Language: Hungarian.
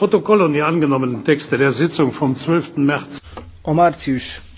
protokoll und die angenommenen texte der sitzung vom. zwölf märz. a március